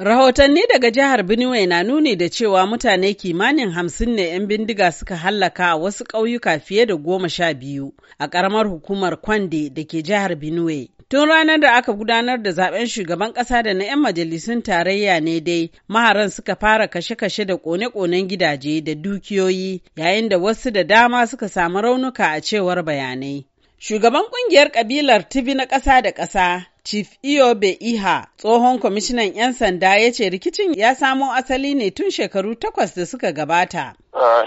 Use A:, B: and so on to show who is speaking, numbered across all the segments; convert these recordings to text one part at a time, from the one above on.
A: Rahotanni daga jihar Benue na nuni da cewa mutane kimanin hamsin ne 'yan bindiga suka hallaka a wasu ƙauyuka fiye da goma sha biyu a ƙaramar hukumar Kwande da ke jihar Benue. Tun ranar da aka gudanar da zaben shugaban ƙasa da na 'yan majalisun tarayya ne dai, maharan suka fara kashe-kashe da ƙone-ƙonen gidaje da dukiyoyi yayin da wasu da dama suka samu raunuka a cewar bayanai. Shugaban ƙungiyar ƙabilar Tibi na ƙasa da ƙasa, Chief Iyobe Iha, tsohon kwamishinan 'yan sanda ya ce rikicin ya samo asali ne tun shekaru takwas da suka gabata.
B: Uh,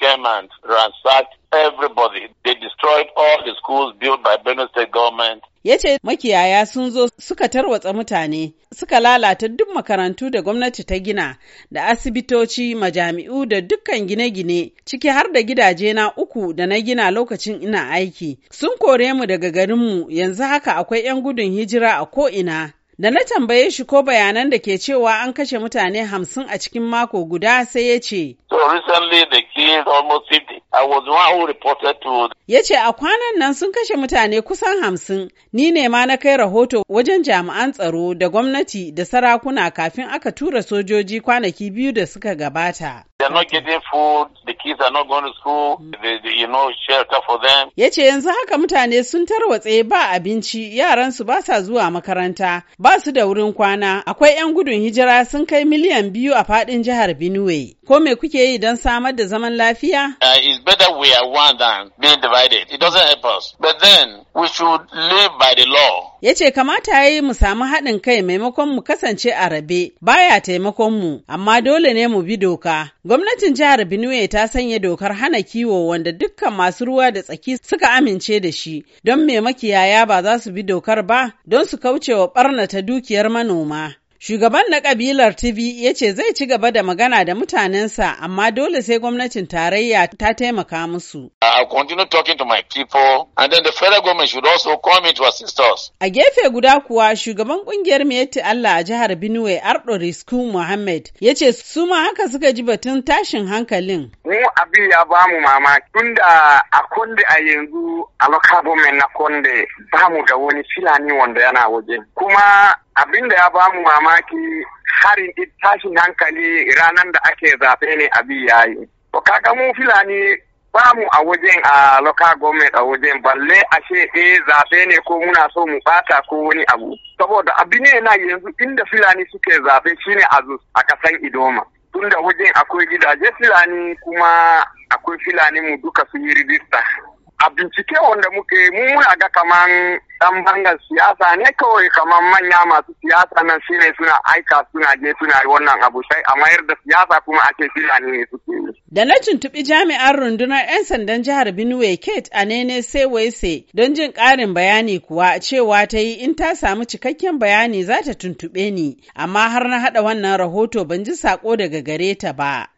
B: came and ransacked everybody. They destroyed all the schools built by Benue State government.
A: Ya ce makiyaya sun zo suka tarwatsa mutane, suka lalata duk makarantu da gwamnati ta gina, da asibitoci, majami'u da dukkan gine-gine, ciki har da gidaje na uku da na gina lokacin ina aiki. Sun kore mu daga garinmu, yanzu haka akwai 'yan gudun hijira a ko'ina. Da na tambaye shi ko bayanan da ke cewa an kashe mutane hamsin a cikin mako guda sai ya ce.
B: So recently they killed almost 50.
A: Ya ce a kwanan nan sun kashe mutane kusan hamsin, ni ne ma na kai rahoto wajen jami'an tsaro da gwamnati da sarakuna kafin aka tura sojoji kwanaki biyu da suka gabata. Ya ce yanzu haka mutane sun tarwatse ba abinci yaran su ba sa zuwa makaranta ba su da wurin kwana akwai 'yan gudun hijira sun kai miliyan biyu a faɗin jihar Benue. Ko me kuke yi don samar da zaman lafiya?
B: Uh, it's better we are one than being divided. It doesn't help us. But then we should live by the law.
A: Ya ce kamata yayi yi mu samu haɗin kai maimakon mu kasance a rabe baya taimakon mu amma dole ne mu bi doka. Gwamnatin jihar Benue ta sanya dokar hana kiwo wanda dukkan masu ruwa da tsaki suka amince da shi don mai makiyaya ba za su bi dokar ba don su kauce wa ɓarnata dukiyar manoma. Shugaban na kabilar TV ya ce zai ci gaba da magana da mutanensa amma dole sai gwamnatin tarayya ta taimaka musu. A gefe guda kuwa shugaban kungiyar Miyetti Allah a jihar Benue Ardo Risku Muhammad ya ce su ma haka suka ji batun tashin hankalin.
B: Mu abin ya ba mu mama tunda a kunde a yanzu a local na kunde ba mu da wani filani wanda yana waje kuma abin da ya ba mu mamaki harin tashin hankali ranar da ake zaɓe ne abin yayi to kaga mu filani ba mu a wajen a local government a wajen balle a ce eh zaɓe ne ko muna so mu bata ko wani abu saboda abin ne na yanzu inda filani suke zaɓe shine a a kasan idoma tunda wajen akwai gidaje filani kuma akwai filani mu duka su yi rijista a bincike wanda muke mun muna ga kaman dan bangar siyasa ne kawai kaman manya masu siyasa nan shi ne suna aika suna je suna yi wannan abu sai a mayar da siyasa kuma a ce ne su yi.
A: Da na tuntuɓi jami'an rundunar 'yan sandan jihar Benue Kate Anene Sewese don jin ƙarin bayani kuwa cewa ta yi in ta samu cikakken bayani za ta tuntuɓe ni amma har na haɗa wannan rahoto ban ji sako daga gare ta ba.